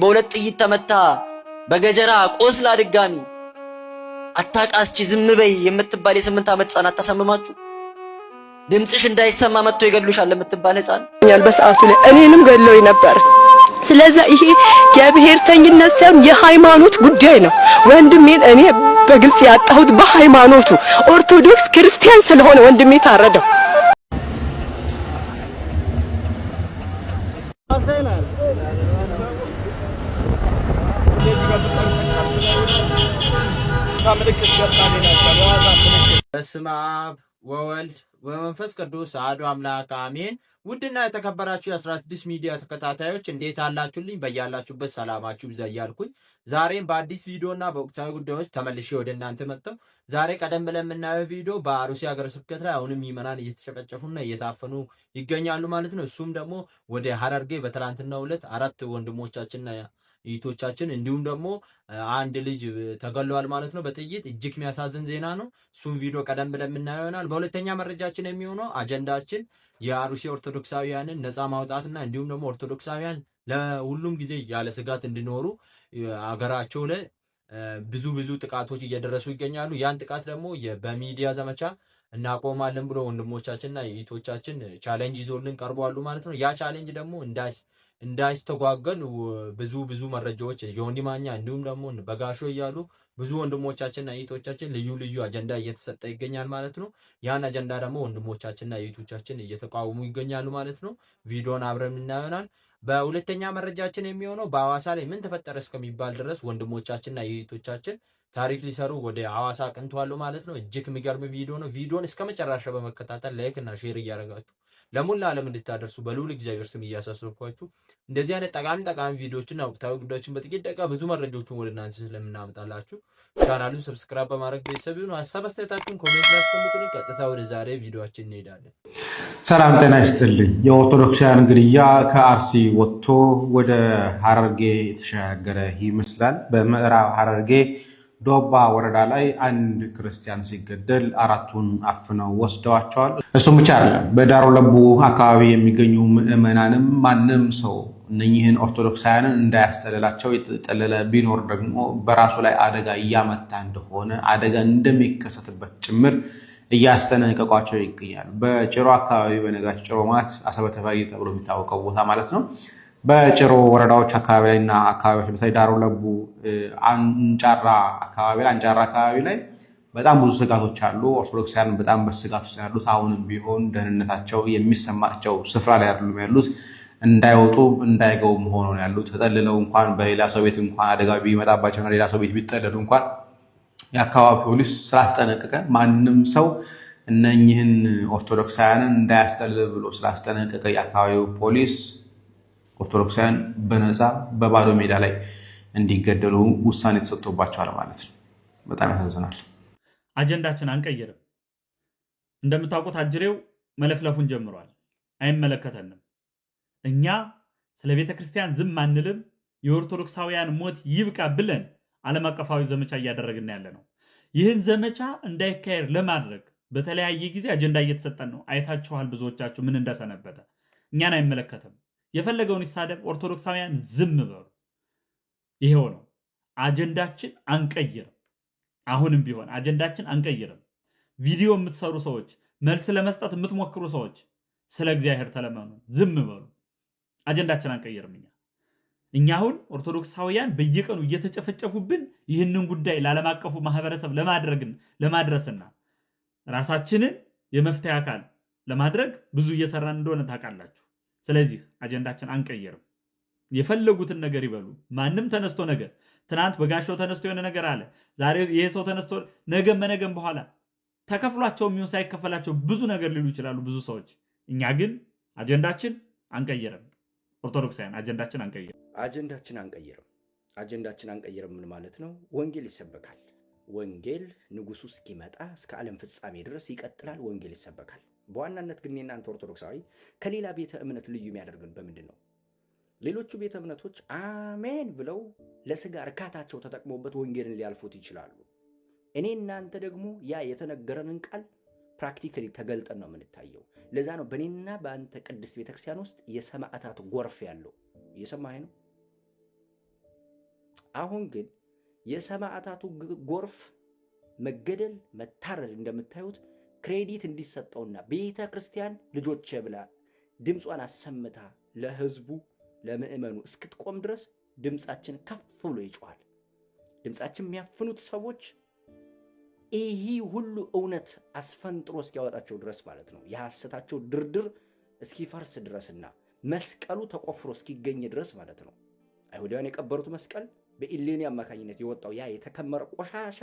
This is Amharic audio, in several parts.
በሁለት ጥይት ተመታ በገጀራ ቆስላ ድጋሚ አታቃስቺ ዝም በይ የምትባል የስምንት ዓመት ህፃን አታሳምማችሁ። ድምፅሽ እንዳይሰማ መጥቶ ይገድሉሻል የምትባል ህፃን በሰዓቱ ላይ እኔንም ገድለውኝ ነበር። ስለዚህ ይሄ የብሔርተኝነት ሳይሆን የሃይማኖት ጉዳይ ነው። ወንድሜን እኔ በግልጽ ያጣሁት በሃይማኖቱ ኦርቶዶክስ ክርስቲያን ስለሆነ ወንድሜ ታረደው። በስመ አብ ወወልድ ወመንፈስ ቅዱስ አሐዱ አምላክ አሜን። ውድና የተከበራችሁ የ16 ሚዲያ ተከታታዮች እንዴት አላችሁልኝ? በያላችሁበት ሰላማችሁ ይብዛ እያልኩኝ ዛሬም በአዲስ ቪዲዮ እና በወቅታዊ ጉዳዮች ተመልሼ ወደ እናንተ መጥተው ዛሬ ቀደም ብለን የምናየው ቪዲዮ በአሩሲ ሀገረ ስብከት ላይ አሁንም ምዕመናን እየተጨፈጨፉና እየታፈኑ ይገኛሉ ማለት ነው። እሱም ደግሞ ወደ ሀረርጌ በትናንትናው ዕለት አራት ወንድሞቻችንና እህቶቻችን እንዲሁም ደግሞ አንድ ልጅ ተገለዋል ማለት ነው በጥይት እጅግ የሚያሳዝን ዜና ነው። እሱም ቪዲዮ ቀደም ብለን የምናየው ይሆናል። በሁለተኛ መረጃችን የሚሆነው አጀንዳችን የአሩሲ ኦርቶዶክሳውያንን ነፃ ማውጣትና እንዲሁም ደግሞ ኦርቶዶክሳውያን ለሁሉም ጊዜ ያለ ስጋት እንዲኖሩ አገራቸው ላይ ብዙ ብዙ ጥቃቶች እየደረሱ ይገኛሉ። ያን ጥቃት ደግሞ በሚዲያ ዘመቻ እናቆማለን ብሎ ወንድሞቻችንና እህቶቻችን ቻሌንጅ ይዞልን ቀርበዋሉ ማለት ነው። ያ ቻሌንጅ ደግሞ እንዳይስተጓገል ብዙ ብዙ መረጃዎች የወንዲ ማኛ እንዲሁም ደግሞ በጋሾ እያሉ ብዙ ወንድሞቻችንና እህቶቻችን ልዩ ልዩ አጀንዳ እየተሰጠ ይገኛል ማለት ነው። ያን አጀንዳ ደግሞ ወንድሞቻችንና እህቶቻችን እየተቃወሙ ይገኛሉ ማለት ነው። ቪዲዮን አብረን እናየናል። በሁለተኛ መረጃችን የሚሆነው በሐዋሳ ላይ ምን ተፈጠረ እስከሚባል ድረስ ወንድሞቻችንና እህቶቻችን ታሪክ ሊሰሩ ወደ ሐዋሳ አቅንተዋል ማለት ነው። እጅግ የሚገርም ቪዲዮ ነው። ቪዲዮን እስከ መጨረሻ በመከታተል ላይክ እና ሼር እያደረጋችሁ ለሞላ ዓለም እንድታደርሱ በልዑል እግዚአብሔር ስም እያሳሰብኳችሁ እንደዚህ አይነት ጠቃሚ ጠቃሚ ቪዲዮዎችና ወቅታዊ ጉዳዮችን በጥቂት ደቂቃ ብዙ መረጃዎችን ወደ እናንተ ስለምናመጣላችሁ ቻናሉን ሰብስክራይብ በማድረግ ቤተሰብ ይሁኑ። ሀሳብ አስተያየታችሁን ኮሜንት ላይ አስቀምጡን። ቀጥታ ወደ ዛሬ ቪዲዮችን እንሄዳለን። ሰላም ጤና ይስጥልኝ። የኦርቶዶክሳውያን ግድያ ከአርሲ ወጥቶ ወደ ሀረርጌ የተሸጋገረ ይመስላል። በምዕራብ ሀረርጌ ዶባ ወረዳ ላይ አንድ ክርስቲያን ሲገደል አራቱን አፍነው ወስደዋቸዋል። እሱም ብቻ አይደለም፣ በዳሮ ለቡ አካባቢ የሚገኙ ምዕመናንም ማንም ሰው እነኚህን ኦርቶዶክሳውያንን እንዳያስጠልላቸው የተጠለለ ቢኖር ደግሞ በራሱ ላይ አደጋ እያመታ እንደሆነ አደጋ እንደሚከሰትበት ጭምር እያስጠነቀቋቸው ይገኛል። በጭሮ አካባቢ በነገራቸው ጭሮ ማለት አሰበተፈሪ ተብሎ የሚታወቀው ቦታ ማለት ነው። በጭሮ ወረዳዎች አካባቢ ላይ እና አካባቢዎች በተለይ ዳሮ ለቡ አንጫራ አካባቢ ላይ አንጫራ አካባቢ ላይ በጣም ብዙ ስጋቶች አሉ። ኦርቶዶክሳውያን በጣም በስጋት ውስጥ ያሉት አሁንም ቢሆን ደህንነታቸው የሚሰማቸው ስፍራ ላይ አይደሉም ያሉት እንዳይወጡ እንዳይገቡ መሆኑ ነው ያሉት። ተጠልለው እንኳን በሌላ ሰው ቤት እንኳን አደጋ ቢመጣባቸውና ሌላ ሰው ቤት ቢጠለሉ እንኳን የአካባቢ ፖሊስ ስላስጠነቀቀ ማንም ሰው እነኝህን ኦርቶዶክሳውያንን እንዳያስጠልል ብሎ ስላስጠነቀቀ የአካባቢው ፖሊስ ኦርቶዶክሳውያን በነፃ በባዶ ሜዳ ላይ እንዲገደሉ ውሳኔ ተሰጥቶባቸዋል ማለት ነው። በጣም ያሳዝናል። አጀንዳችን አንቀይርም። እንደምታውቁት አጅሬው መለፍለፉን ጀምሯል። አይመለከተንም። እኛ ስለ ቤተ ክርስቲያን ዝም አንልም። የኦርቶዶክሳውያን ሞት ይብቃ ብለን ዓለም አቀፋዊ ዘመቻ እያደረግን ያለ ነው። ይህን ዘመቻ እንዳይካሄድ ለማድረግ በተለያየ ጊዜ አጀንዳ እየተሰጠን ነው። አይታችኋል። ብዙዎቻችሁ ምን እንደሰነበተ እኛን አይመለከትም። የፈለገውን ይሳደብ፣ ኦርቶዶክሳውያን ዝም በሉ። ይሄው ነው አጀንዳችን። አንቀይርም። አሁንም ቢሆን አጀንዳችን አንቀይርም። ቪዲዮ የምትሰሩ ሰዎች፣ መልስ ለመስጠት የምትሞክሩ ሰዎች ስለ እግዚአብሔር ተለመኑ፣ ዝም በሉ። አጀንዳችን አንቀይርም። እኛ እኛ አሁን ኦርቶዶክሳውያን በየቀኑ እየተጨፈጨፉብን ይህንን ጉዳይ ለዓለም አቀፉ ማህበረሰብ ለማድረግን ለማድረስና ራሳችንን የመፍትሄ አካል ለማድረግ ብዙ እየሰራን እንደሆነ ታውቃላችሁ። ስለዚህ አጀንዳችን አንቀየርም። የፈለጉትን ነገር ይበሉ። ማንም ተነስቶ ነገ ትናንት በጋሻው ተነስቶ የሆነ ነገር አለ፣ ዛሬ ይሄ ሰው ተነስቶ ነገ መነገም በኋላ ተከፍሏቸው የሚሆን ሳይከፈላቸው ብዙ ነገር ሊሉ ይችላሉ ብዙ ሰዎች። እኛ ግን አጀንዳችን አንቀየርም። ኦርቶዶክሳውያን አጀንዳችን አንቀየርም። አጀንዳችን አንቀየርም። አጀንዳችን አንቀየርም ምን ማለት ነው? ወንጌል ይሰበካል። ወንጌል ንጉሱ እስኪመጣ እስከ ዓለም ፍጻሜ ድረስ ይቀጥላል። ወንጌል ይሰበካል። በዋናነት ግን የእናንተ ኦርቶዶክሳዊ ከሌላ ቤተ እምነት ልዩ የሚያደርግን በምንድን ነው? ሌሎቹ ቤተ እምነቶች አሜን ብለው ለስጋ እርካታቸው ተጠቅሞበት ወንጌልን ሊያልፉት ይችላሉ። እኔ እናንተ ደግሞ ያ የተነገረንን ቃል ፕራክቲካሊ ተገልጠን ነው የምንታየው። ለዛ ነው በእኔና በአንተ ቅድስት ቤተክርስቲያን ውስጥ የሰማዕታት ጎርፍ ያለው። እየሰማኸኝ ነው? አሁን ግን የሰማዕታቱ ጎርፍ መገደል፣ መታረድ እንደምታዩት ክሬዲት እንዲሰጠውና ቤተ ክርስቲያን ልጆች ብላ ድምጿን አሰምታ ለህዝቡ ለምእመኑ እስክትቆም ድረስ ድምፃችን ከፍ ብሎ ይጮኋል። ድምፃችን የሚያፍኑት ሰዎች ይህ ሁሉ እውነት አስፈንጥሮ እስኪያወጣቸው ድረስ ማለት ነው። የሐሰታቸው ድርድር እስኪፈርስ ድረስና መስቀሉ ተቆፍሮ እስኪገኝ ድረስ ማለት ነው። አይሁዳውያን የቀበሩት መስቀል በኢሌኒ አማካኝነት የወጣው ያ የተከመረ ቆሻሻ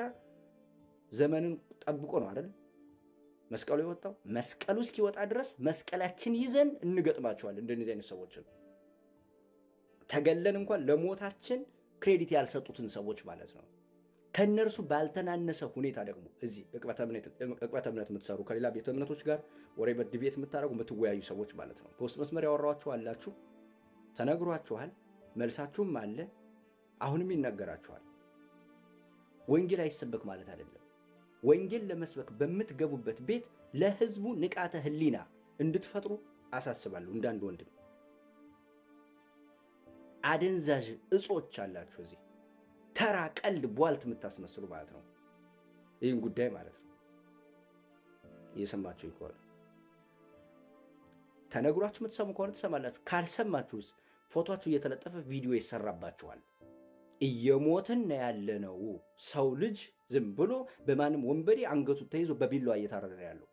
ዘመንን ጠብቆ ነው አይደል? መስቀሉ የወጣው መስቀሉ እስኪወጣ ድረስ መስቀላችን ይዘን እንገጥማቸዋለን። እንደነዚህ አይነት ሰዎችን ተገለን እንኳን ለሞታችን ክሬዲት ያልሰጡትን ሰዎች ማለት ነው። ከእነርሱ ባልተናነሰ ሁኔታ ደግሞ እዚህ እቅበተ እምነት የምትሰሩ ከሌላ ቤተ እምነቶች ጋር ወሬ በድ ቤት የምታደረጉ የምትወያዩ ሰዎች ማለት ነው። በውስጥ መስመር ያወራችሁ አላችሁ፣ ተነግሯችኋል፣ መልሳችሁም አለ፣ አሁንም ይነገራችኋል። ወንጌል አይሰበክ ማለት አይደለም። ወንጌል ለመስበክ በምትገቡበት ቤት ለህዝቡ ንቃተ ህሊና እንድትፈጥሩ አሳስባለሁ። እንዳንድ ወንድም አደንዛዥ እጾች አላችሁ እዚህ ተራ ቀልድ፣ ቧልት የምታስመስሉ ማለት ነው። ይህን ጉዳይ ማለት ነው እየሰማችሁ ከሆነ ተነግሯችሁ የምትሰሙ ከሆነ ትሰማላችሁ። ካልሰማችሁስ ፎቶችሁ እየተለጠፈ ቪዲዮ ይሰራባችኋል። እየሞትን ነው ያለነው። ሰው ልጅ ዝም ብሎ በማንም ወንበዴ አንገቱ ተይዞ በቢላዋ እየታረደ ያለው።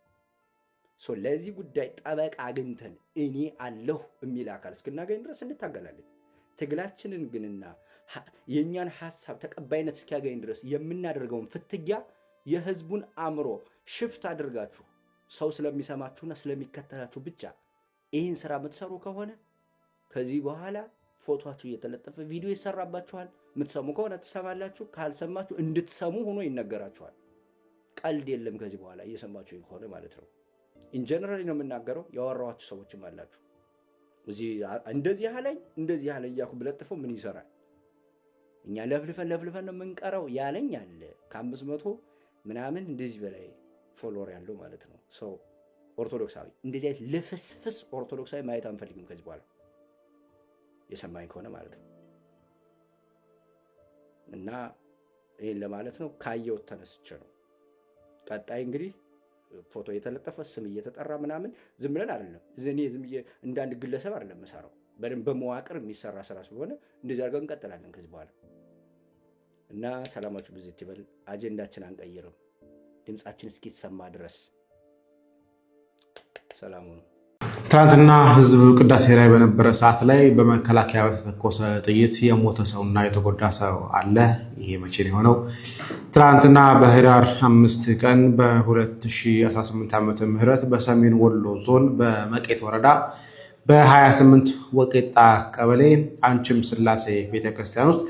ለዚህ ጉዳይ ጠበቃ አግኝተን እኔ አለሁ የሚል አካል እስክናገኝ ድረስ እንታገላለን። ትግላችንን ግንና የእኛን ሀሳብ ተቀባይነት እስኪያገኝ ድረስ የምናደርገውን ፍትጊያ የህዝቡን አእምሮ ሽፍት አድርጋችሁ ሰው ስለሚሰማችሁና ስለሚከተላችሁ ብቻ ይህን ስራ የምትሰሩ ከሆነ ከዚህ በኋላ ፎቶችሁ እየተለጠፈ ቪዲዮ ይሰራባችኋል። የምትሰሙ ከሆነ ትሰማላችሁ፣ ካልሰማችሁ እንድትሰሙ ሆኖ ይነገራችኋል። ቀልድ የለም ከዚህ በኋላ እየሰማችሁ ከሆነ ማለት ነው። ኢንጀነራል ነው የምናገረው። ያወራኋችሁ ሰዎችም አላችሁ እዚህ እንደዚህ ያለኝ እንደዚህ ያለኝ እያልኩ ብለጥፈው ምን ይሰራል? እኛ ለፍልፈን ለፍልፈን ነው የምንቀረው። ያለኝ አለ ከአምስት መቶ ምናምን እንደዚህ በላይ ፎሎወር ያለው ማለት ነው ሰው ኦርቶዶክሳዊ እንደዚህ አይነት ልፍስፍስ ኦርቶዶክሳዊ ማየት አንፈልግም ከዚህ በኋላ የሰማኝ ከሆነ ማለት ነው። እና ይህን ለማለት ነው። ካየሁት ተነስቼ ነው። ቀጣይ እንግዲህ ፎቶ እየተለጠፈ ስም እየተጠራ ምናምን ዝም ብለን አይደለም። እኔ ዝም እንዳንድ ግለሰብ አይደለም የምሰራው፣ በደንብ በመዋቅር የሚሰራ ስራ ስለሆነ እንደዚህ አድርገን እንቀጥላለን ከዚህ በኋላ እና ሰላማችሁ ብዙ ይበል። አጀንዳችን አንቀይርም፣ ድምፃችን እስኪሰማ ድረስ ሰላሙ ነው። ትናንትና ህዝብ ቅዳሴ ላይ በነበረ ሰዓት ላይ በመከላከያ በተተኮሰ ጥይት የሞተ ሰውና የተጎዳ ሰው አለ። ይሄ መቼ ነው የሆነው? ትናንትና በህዳር አምስት ቀን በ2018 ዓ ም በሰሜን ወሎ ዞን በመቄት ወረዳ በ28 ወቄጣ ቀበሌ አንችም ስላሴ ቤተክርስቲያን ውስጥ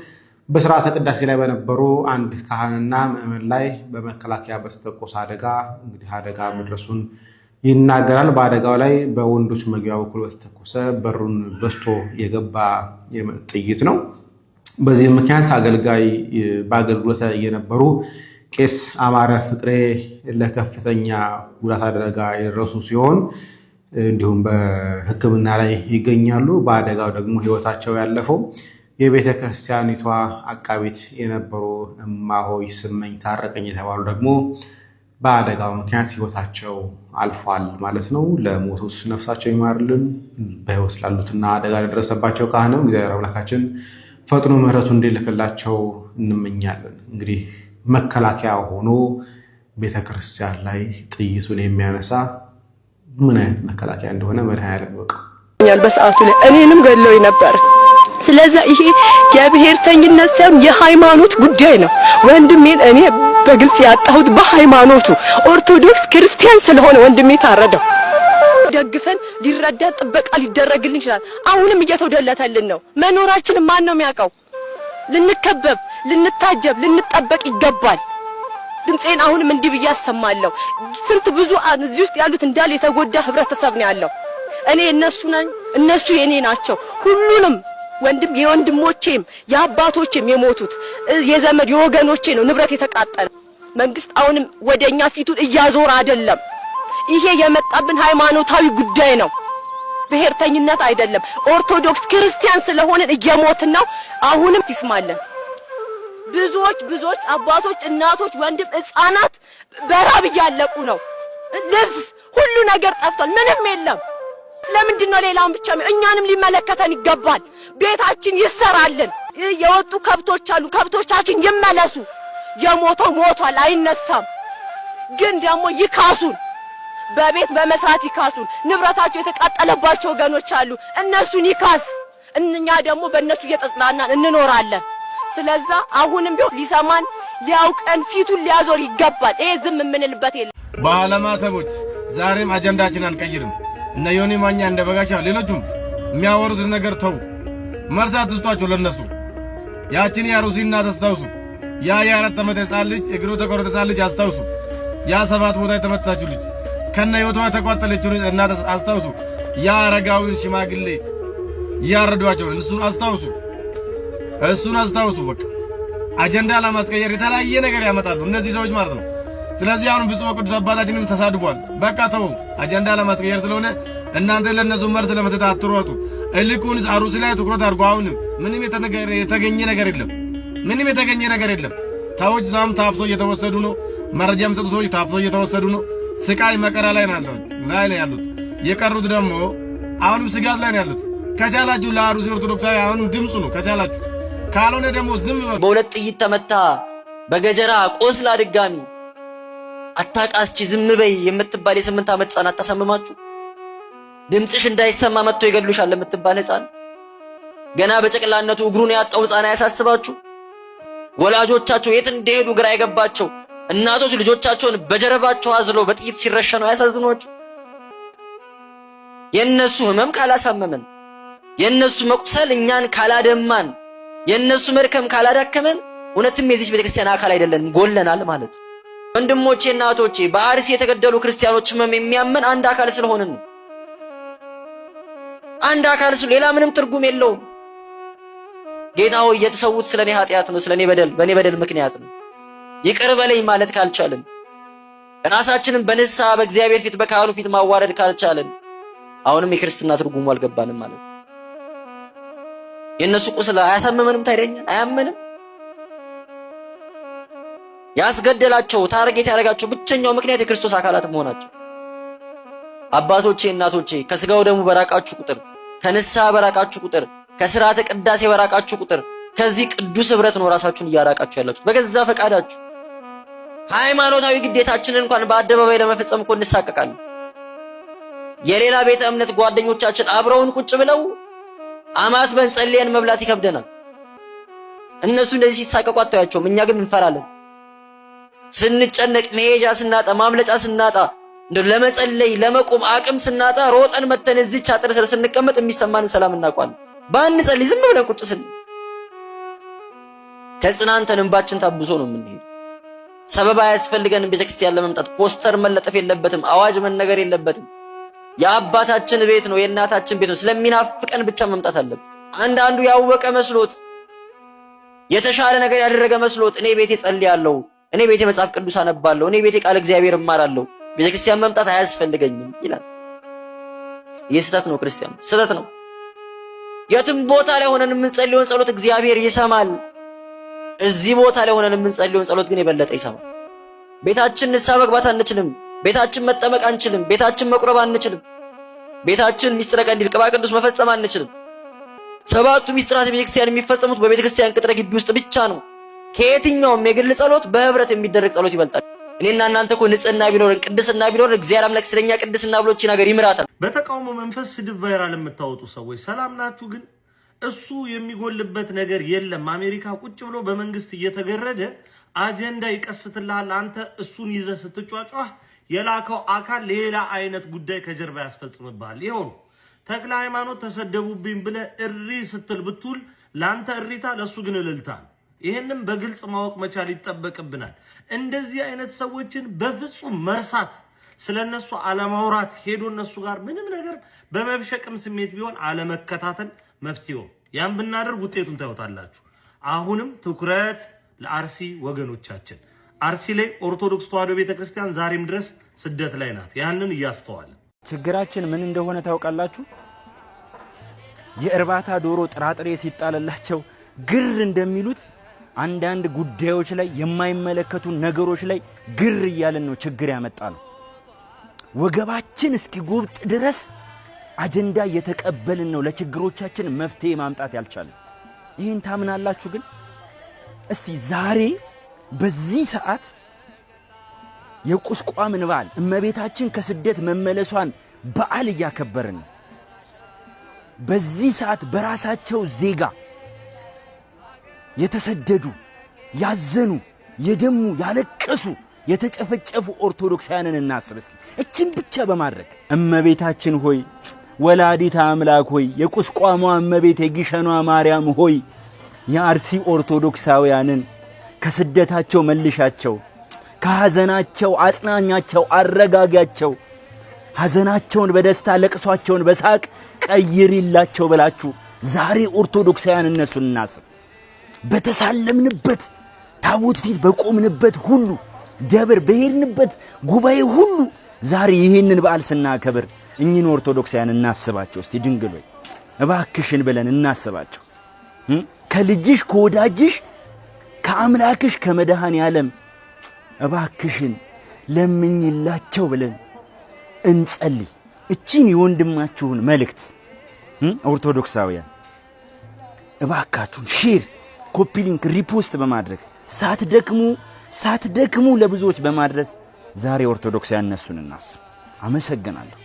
በስርዓተ ቅዳሴ ላይ በነበሩ አንድ ካህንና ምዕመን ላይ በመከላከያ በተተኮሰ አደጋ እንግዲህ አደጋ መድረሱን ይናገራል። በአደጋው ላይ በወንዶች መግቢያ በኩል በተተኮሰ በሩን በስቶ የገባ ጥይት ነው። በዚህ ምክንያት አገልጋይ በአገልግሎት ላይ የነበሩ ቄስ አማረ ፍቅሬ ለከፍተኛ ጉዳት አደጋ የደረሱ ሲሆን እንዲሁም በሕክምና ላይ ይገኛሉ። በአደጋው ደግሞ ህይወታቸው ያለፈው የቤተ ክርስቲያኒቷ አቃቢት የነበሩ እማሆይ ስመኝ ታረቀኝ የተባሉ ደግሞ በአደጋው ምክንያት ህይወታቸው አልፏል ማለት ነው። ለሞቱት ነፍሳቸው ይማርልን። በህይወት ላሉትና አደጋ ለደረሰባቸው ካህንም እግዚአብሔር አምላካችን ፈጥኖ ምሕረቱ እንዲልክላቸው እንመኛለን። እንግዲህ መከላከያ ሆኖ ቤተክርስቲያን ላይ ጥይቱን የሚያነሳ ምን አይነት መከላከያ እንደሆነ መድኃኔዓለም ያውቃል። በሰዓቱ ላይ እኔንም ገለው ነበር። ስለዚህ ይሄ የብሔርተኝነት ሳይሆን የሃይማኖት ጉዳይ ነው ወንድሜን እኔ በግልጽ ያጣሁት በሃይማኖቱ ኦርቶዶክስ ክርስቲያን ስለሆነ ወንድሜ ታረደው። ደግፈን ሊረዳ ጥበቃ ሊደረግልን ይችላል። አሁንም እየተወደለተልን ነው። መኖራችን ማን ነው የሚያውቀው? ልንከበብ፣ ልንታጀብ፣ ልንጠበቅ ይገባል። ድምፄን አሁንም እንዲህ ብዬ አሰማለሁ። ስንት ብዙ እዚህ ውስጥ ያሉት እንዳለ የተጎዳ ህብረተሰብ ነው ያለው። እኔ እነሱ ነኝ፣ እነሱ የእኔ ናቸው። ሁሉንም ወንድም የወንድሞቼም የአባቶቼም የሞቱት የዘመድ የወገኖቼ ነው ንብረት የተቃጠለ። መንግስት አሁንም ወደኛ ፊቱን እያዞረ አይደለም። ይሄ የመጣብን ሃይማኖታዊ ጉዳይ ነው፣ ብሔርተኝነት አይደለም። ኦርቶዶክስ ክርስቲያን ስለሆነ እየሞትን ነው። አሁንም ይስማለን። ብዙዎች ብዙዎች አባቶች፣ እናቶች፣ ወንድም፣ ህጻናት በራብ እያለቁ ነው። ልብስ ሁሉ ነገር ጠፍቷል። ምንም የለም። ለምንድን ነው ሌላውን ብቻ? እኛንም ሊመለከተን ይገባል። ቤታችን ይሰራልን። የወጡ ከብቶች አሉ። ከብቶቻችን ይመለሱ። የሞተው ሞቷል፣ አይነሳም። ግን ደግሞ ይካሱን፣ በቤት በመስራት ይካሱን። ንብረታቸው የተቃጠለባቸው ወገኖች አሉ፣ እነሱን ይካስ። እኛ ደግሞ በእነሱ እየተጽናናን እንኖራለን። ስለዛ አሁንም ቢሆን ሊሰማን ሊያውቀን ፊቱን ሊያዞር ይገባል። ይሄ ዝም የምንልበት የለም። ባለማተቦች ዛሬም አጀንዳችን አንቀይርም። እነ ዮኒ ማኛ እንደ በጋሻ ሌሎቹም የሚያወሩትን ነገር ተው፣ መርሳት ትስጧቸው ለነሱ። ያችን ያሩሲ እናት አስታውሱ። ያ የአራት ዓመት ሕፃን ልጅ እግሩ ተቆረጠ ሕፃን ልጅ አስታውሱ። ያ ሰባት ቦታ የተመታችው ልጅ ከነ ሕይወቷ የተቋጠለችውን እናት አስታውሱ። ያ አረጋዊን ሽማግሌ እያረዷቸውን እሱን አስታውሱ። እሱን አስታውሱ። በቃ አጀንዳ ለማስቀየር የተለያየ ነገር ያመጣሉ እነዚህ ሰዎች ማለት ነው። ስለዚህ አሁን ብፁዕ ቅዱስ አባታችንም ተሳድቧል። በቃ ተው፣ አጀንዳ ለማስቀየር ስለሆነ እናንተ ለነሱ መልስ ለመስጠት አትሮጡ። እልኩን አሩሲ ላይ ትኩረት አድርጎ አሁንም ምንም የተገኘ ነገር የለም። ምንም የተገኘ ነገር የለም። ታዎች ዛም ታፍሰው እየተወሰዱ ነው። መረጃ የሚሰጡ ሰዎች ታፍሰው እየተወሰዱ ነው። ስቃይ መቀራ ላይ ናለው ላይ ነው ያሉት። የቀሩት ደግሞ አሁንም ስጋት ላይ ነው ያሉት። ከቻላችሁ ለአሩሲ ኦርቶዶክሳዊ አሁንም ድምፁ ነው ከቻላችሁ፣ ካልሆነ ደግሞ ዝም በሉ። በሁለት ጥይት ተመታ በገጀራ ቆስላ ድጋሚ አታቃስቺ ዝም በይ የምትባል የስምንት ዓመት ህፃን አታሳምማችሁ? ድምፅሽ እንዳይሰማ መጥቶ ይገድሉሻል የምትባል ህፃን ገና በጨቅላነቱ እግሩን ያጣው ህፃን አያሳስባችሁ? ወላጆቻቸው የት እንደሄዱ ግራ የገባቸው እናቶች ልጆቻቸውን በጀርባቸው አዝለው በጥይት ሲረሸኑ አያሳዝኗችሁ? የእነሱ ህመም ካላሳመመን፣ የእነሱ መቁሰል እኛን ካላደማን፣ የእነሱ መድከም ካላዳከመን እውነትም የዚች ቤተክርስቲያን አካል አይደለን፣ ጎለናል ማለት ነው። ወንድሞቼ እናቶቼ በአርሲ የተገደሉ ክርስቲያኖች ህመም የሚያመን አንድ አካል ስለሆንን ነው። አንድ አካል ስለ ሌላ ምንም ትርጉም የለውም። ጌታ ሆይ የተሰዉት ስለኔ ኃጢአት ነው፣ ስለኔ በደል በኔ በደል ምክንያት ነው። ይቅር በለኝ ማለት ካልቻልን፣ ራሳችንን በንስሐ በእግዚአብሔር ፊት በካህኑ ፊት ማዋረድ ካልቻልን፣ አሁንም የክርስትና ትርጉሙ አልገባንም ማለት ነው። የእነሱ ቁስል አያሳምመንም፣ ታይደኛል፣ አያመንም ያስገደላቸው ታርጌት ያደረጋቸው ብቸኛው ምክንያት የክርስቶስ አካላት መሆናቸው። አባቶቼ እናቶቼ፣ ከስጋው ደሙ በራቃችሁ ቁጥር፣ ከንስሐ በራቃችሁ ቁጥር፣ ከስርዓተ ቅዳሴ በራቃችሁ ቁጥር ከዚህ ቅዱስ ህብረት ነው ራሳችሁን እያራቃችሁ ያላችሁ በገዛ ፈቃዳችሁ። ሃይማኖታዊ ግዴታችንን እንኳን በአደባባይ ለመፈጸም እኮ እንሳቀቃለን። የሌላ ቤተ እምነት ጓደኞቻችን አብረውን ቁጭ ብለው አማት በንጸልየን መብላት ይከብደናል። እነሱ እንደዚህ ሲሳቀቁ አታያቸውም። እኛ ግን እንፈራለን። ስንጨነቅ መሄጃ ስናጣ ማምለጫ ስናጣ እንደ ለመጸለይ ለመቆም አቅም ስናጣ ሮጠን መተን እዚች አጥር ስር ስንቀመጥ የሚሰማንን ሰላም እናውቋለን። ባንጸልይ ዝም ብለን ቁጭ ስን ተጽናንተን እንባችን ታብሶ ነው የምንሄድ። ሰበብ አያስፈልገንም። ቤተክርስቲያን ለመምጣት ፖስተር መለጠፍ የለበትም። አዋጅ መነገር የለበትም። የአባታችን ቤት ነው የእናታችን ቤት ነው ስለሚናፍቀን ብቻ መምጣት አለብን። አንዳንዱ ያወቀ መስሎት የተሻለ ነገር ያደረገ መስሎት እኔ ቤቴ ጸልያለሁ እኔ ቤቴ መጽሐፍ ቅዱስ አነባለሁ፣ እኔ ቤቴ ቃል እግዚአብሔር እማራለሁ፣ ቤተክርስቲያን መምጣት አያስፈልገኝም ይላል። ይህ ስህተት ነው። ክርስቲያን ስህተት ነው። የትም ቦታ ላይ ሆነን የምንጸልየውን ጸሎት እግዚአብሔር ይሰማል። እዚህ ቦታ ላይ ሆነን የምንጸልየውን ጸሎት ግን የበለጠ ይሰማል። ቤታችን ንስሐ መግባት አንችልም። ቤታችን መጠመቅ አንችልም። ቤታችን መቁረብ አንችልም። ቤታችን ሚስጥረ ቀንዲል፣ ቅባ ቅዱስ መፈጸም አንችልም። ሰባቱ ሚስጥራት ቤተክርስቲያን የሚፈጸሙት በቤተክርስቲያን ቅጥረ ግቢ ውስጥ ብቻ ነው። ከየትኛውም የግል ጸሎት በህብረት የሚደረግ ጸሎት ይበልጣል። እኔና እናንተ እኮ ንጽህና ቢኖርን ቅድስና ቢኖርን እግዚአብሔር አምላክ ስለኛ ቅድስና ብሎ ይህችን ነገር ይምራታል። በተቃውሞ መንፈስ ስድብ ቫይራል የምታወጡ ሰዎች ሰላም ናችሁ? ግን እሱ የሚጎልበት ነገር የለም። አሜሪካ ቁጭ ብሎ በመንግስት እየተገረደ አጀንዳ ይቀስትልሃል። አንተ እሱን ይዘህ ስትጫጫህ የላከው አካል ሌላ አይነት ጉዳይ ከጀርባ ያስፈጽምብሃል። ይኸው ነው ተክለ ሃይማኖት ተሰደቡብኝ ብለህ እሪ ስትል ብትውል ለአንተ እሪታ፣ ለእሱ ግን እልልታል። ይህንም በግልጽ ማወቅ መቻል ይጠበቅብናል። እንደዚህ አይነት ሰዎችን በፍጹም መርሳት፣ ስለ እነሱ አለማውራት፣ ሄዶ እነሱ ጋር ምንም ነገር በመብሸቅም ስሜት ቢሆን አለመከታተል መፍትሄው። ያን ብናደርግ ውጤቱን ታዩታላችሁ። አሁንም ትኩረት ለአርሲ ወገኖቻችን አርሲ ላይ ኦርቶዶክስ ተዋሕዶ ቤተክርስቲያን ዛሬም ድረስ ስደት ላይ ናት። ያንን እያስተዋለ ችግራችን ምን እንደሆነ ታውቃላችሁ? የእርባታ ዶሮ ጥራጥሬ ሲጣለላቸው ግር እንደሚሉት አንዳንድ ጉዳዮች ላይ የማይመለከቱ ነገሮች ላይ ግር እያለን ነው ችግር ያመጣ ነው። ወገባችን እስኪ ጎብጥ ድረስ አጀንዳ እየተቀበልን ነው ለችግሮቻችን መፍትሄ ማምጣት ያልቻለን። ይህን ታምናላችሁ? ግን እስቲ ዛሬ በዚህ ሰዓት የቁስቋምን በዓል እመቤታችን ከስደት መመለሷን በዓል እያከበርን ነው። በዚህ ሰዓት በራሳቸው ዜጋ የተሰደዱ ያዘኑ፣ የደሙ፣ ያለቀሱ፣ የተጨፈጨፉ ኦርቶዶክሳውያንን እናስብ እስቲ። እችን ብቻ በማድረግ እመቤታችን ሆይ ወላዲት አምላክ ሆይ የቁስቋሟ እመቤት የግሸኗ ማርያም ሆይ የአርሲ ኦርቶዶክሳውያንን ከስደታቸው መልሻቸው፣ ከሐዘናቸው አጽናኛቸው፣ አረጋጊያቸው፣ ሐዘናቸውን በደስታ ለቅሷቸውን በሳቅ ቀይሪላቸው ብላችሁ ዛሬ ኦርቶዶክሳውያን እነሱን እናስብ። በተሳለምንበት ታቦት ፊት በቆምንበት ሁሉ ደብር በሄድንበት ጉባኤ ሁሉ ዛሬ ይህንን በዓል ስናከብር እኚህን ኦርቶዶክሳውያን እናስባቸው። እስቲ ድንግሎይ እባክሽን ብለን እናስባቸው። ከልጅሽ ከወዳጅሽ ከአምላክሽ ከመድኃኔ ዓለም እባክሽን ለምኝላቸው ብለን እንጸልይ። እቺን የወንድማችሁን መልእክት ኦርቶዶክሳውያን እባካችሁን ሼር ኮፒ ሊንክ ሪፖስት በማድረግ ሳትደክሙ ሳትደክሙ ለብዙዎች በማድረስ ዛሬ ኦርቶዶክስ ያነሱን እናስብ። አመሰግናለሁ።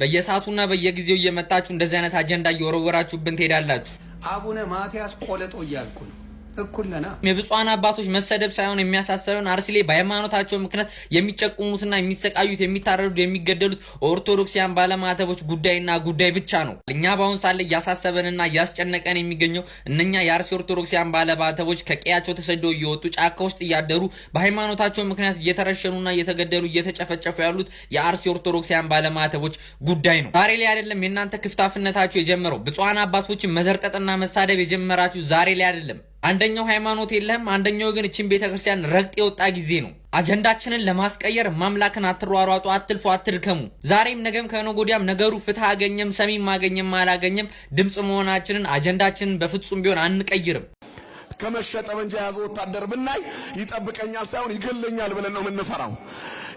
በየሰዓቱና በየጊዜው እየመጣችሁ እንደዚህ አይነት አጀንዳ እየወረወራችሁብን ትሄዳላችሁ። አቡነ ማትያስ ቆለጦ እያልኩ ነው። እኩልና የብፁዓን አባቶች መሰደብ ሳይሆን የሚያሳሰበን አርሲ ላይ በሃይማኖታቸው ምክንያት የሚጨቁሙትና የሚሰቃዩት የሚታረዱት፣ የሚገደሉት ኦርቶዶክሲያን ባለማተቦች ጉዳይና ጉዳይ ብቻ ነው። እኛ በአሁን ሳለ እያሳሰበንና እያስጨነቀን የሚገኘው እነኛ የአርሲ ኦርቶዶክሲያን ባለማተቦች ከቀያቸው ተሰደው እየወጡ ጫካ ውስጥ እያደሩ በሃይማኖታቸው ምክንያት እየተረሸኑና እየተገደሉ እየተጨፈጨፉ ያሉት የአርሲ ኦርቶዶክሲያን ባለማተቦች ጉዳይ ነው። ዛሬ ላይ አይደለም የእናንተ ክፍታፍነታችሁ የጀመረው። ብፁዓን አባቶችን መዘርጠጥና መሳደብ የጀመራችሁ ዛሬ ላይ አይደለም። አንደኛው ሃይማኖት የለህም፣ አንደኛው ግን እችን ቤተክርስቲያን ረግጥ የወጣ ጊዜ ነው። አጀንዳችንን ለማስቀየር ማምላክን አትሯሯጡ፣ አትልፎ፣ አትድከሙ። ዛሬም ነገም ከነገ ወዲያም ነገሩ ፍትህ አገኘም፣ ሰሚም አገኘም፣ አላገኘም ድምፅ መሆናችንን አጀንዳችንን በፍጹም ቢሆን አንቀይርም። ከመሸ ጠመንጃ የያዘ ወታደር ብናይ ይጠብቀኛል ሳይሆን ይገለኛል ብለን ነው የምንፈራው።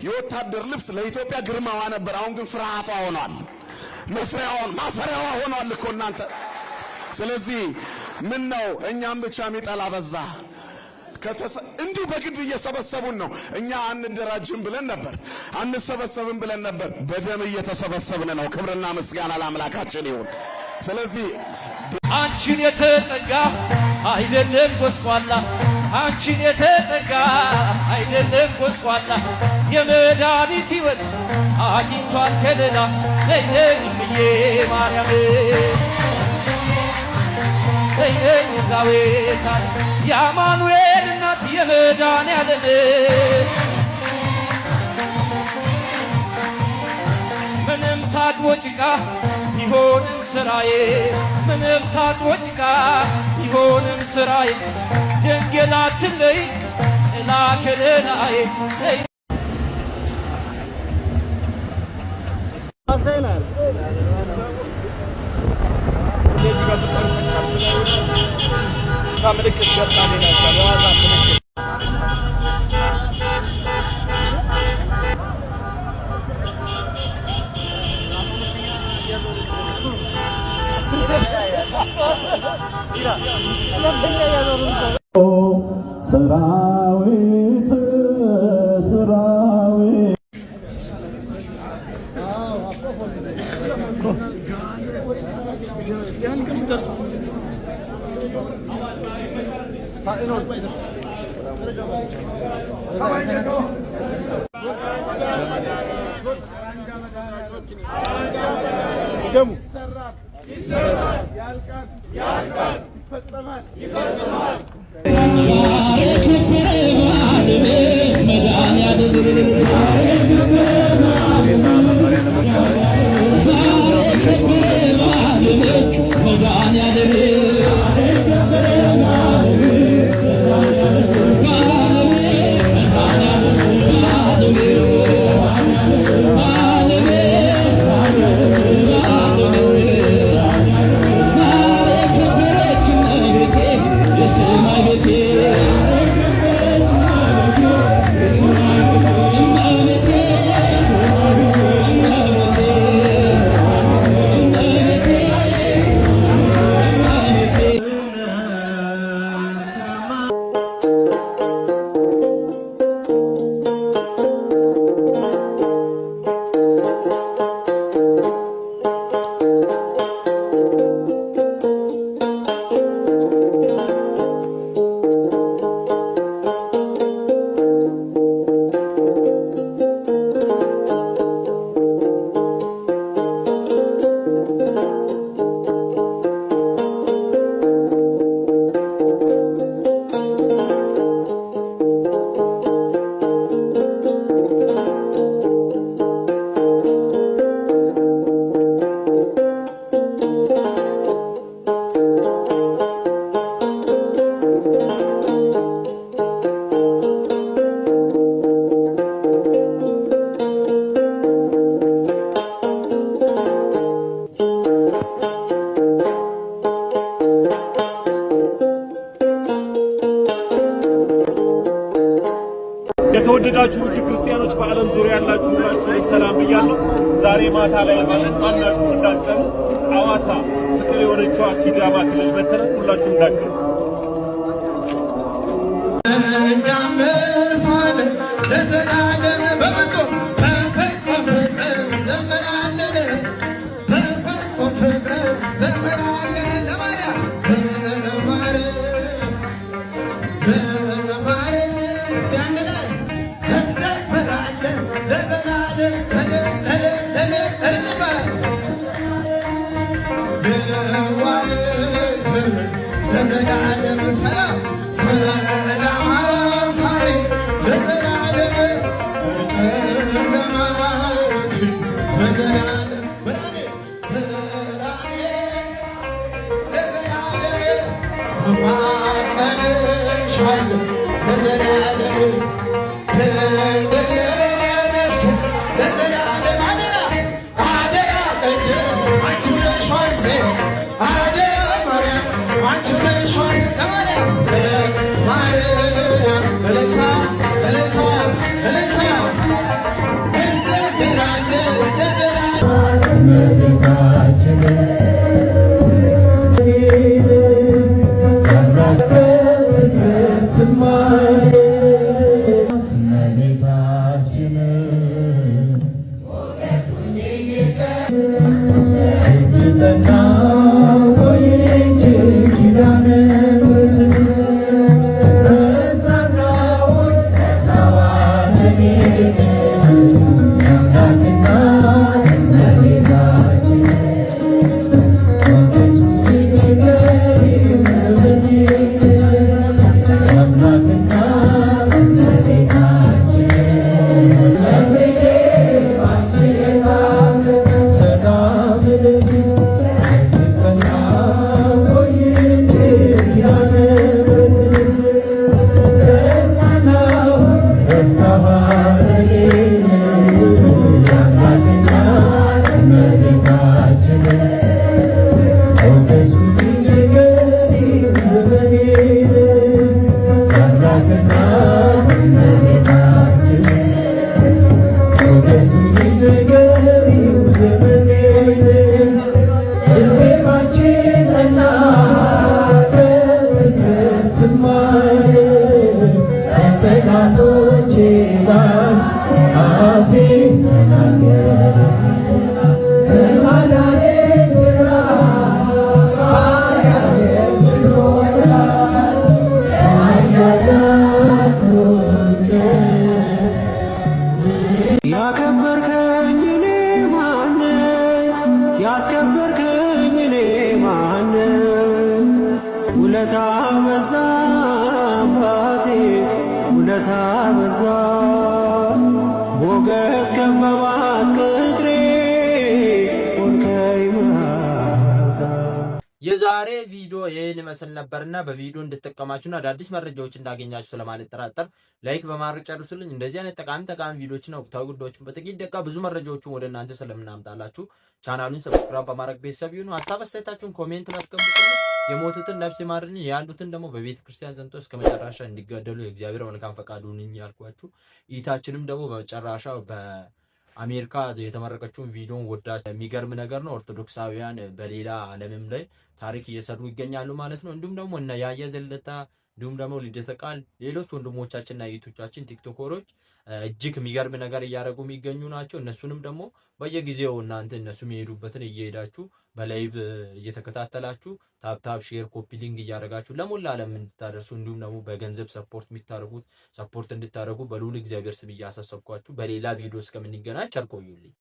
የወታደር ልብስ ለኢትዮጵያ ግርማዋ ነበር። አሁን ግን ፍርሃቷ ሆኗል፣ መፍሪያዋ፣ ማፈሪያዋ ሆኗል እኮ እናንተ። ስለዚህ ምን ነው እኛም ብቻ የሚጠላ በዛ። እንዲሁ በግድ እየሰበሰቡን ነው። እኛ አንደራጅም ብለን ነበር፣ አንሰበሰብም ብለን ነበር። በደም እየተሰበሰብን ነው። ክብርና ምስጋና ለአምላካችን ይሁን። ስለዚህ አንቺን የተጠጋ አይደለም ጎስቋላ፣ አንቺን የተጠጋ አይደለም ጎስቋላ። የመድኃኒት ሕይወት አግኝቷል ከለላ። ነይ ነይ ማርያም ቤዛ የአማኑኤል እናት የመድኃኒዓለም ምንም ታጥቦ ጭቃ ቢሆንም ስራዬ ምንም ታጥቦ ጭቃ ቢሆንም ስራዬ ድንግል አትለይ ጥላ ከለላዬ ይላል ਸਾਹਮਣੇ ਕਿੱਥੇ ਤਾਂ ਨਹੀਂ ਲੱਗਦਾ ਆ ਸਾਹਮਣੇ ਸਰਾਵੇ ይሰራል፣ ያልቃል፣ ይፈጸማል። ver ነበርና በቪዲዮ እንድጠቀማችሁና አዳዲስ መረጃዎች እንዳገኛችሁ ስለማልጠራጠር ላይክ በማድረግ ጨርሱልኝ። እንደዚህ አይነት ጠቃሚ ጠቃሚ ነው ወቅታዊ ጉዳዮችን በጥቂት ደቂቃ ብዙ መረጃዎችን ወደ እናንተ ስለምናምጣላችሁ ቻናሉን ሰብስክራይብ በማድረግ ቤተሰብ ይሁኑ። ሀሳብ አስተያየታችሁን ኮሜንት አስቀምጡልኝ። የሞቱትን ነፍስ ይማርን ያሉትን ደግሞ በቤተ ክርስቲያን ዘንቶ እስከ መጨረሻ እንዲገደሉ የእግዚአብሔር መልካም ፈቃዱን ይሁን ኢታችንም ደግሞ በመጨረሻው በ አሜሪካ የተመረቀችውን ቪዲዮን ወዳ የሚገርም ነገር ነው። ኦርቶዶክሳውያን በሌላ ዓለምም ላይ ታሪክ እየሰሩ ይገኛሉ ማለት ነው። እንዲሁም ደግሞ እነ ያየ ዘለታ እንዲሁም ደግሞ ልደተ ቃል ሌሎች ወንድሞቻችንና የቶቻችን ቲክቶኮሮች እጅግ የሚገርም ነገር እያደረጉ የሚገኙ ናቸው። እነሱንም ደግሞ በየጊዜው እናንተ እነሱ የሚሄዱበትን እየሄዳችሁ በላይቭ እየተከታተላችሁ ታፕታፕ ሼር ኮፒ ሊንክ እያደረጋችሁ ለሞላ ዓለም እንድታደርሱ እንዲሁም ደግሞ በገንዘብ ሰፖርት የሚታደርጉት ሰፖርት እንድታደርጉ በልዑል እግዚአብሔር ስም እያሳሰብኳችሁ በሌላ ቪዲዮ እስከምንገናኝ ቸር ቆዩልኝ።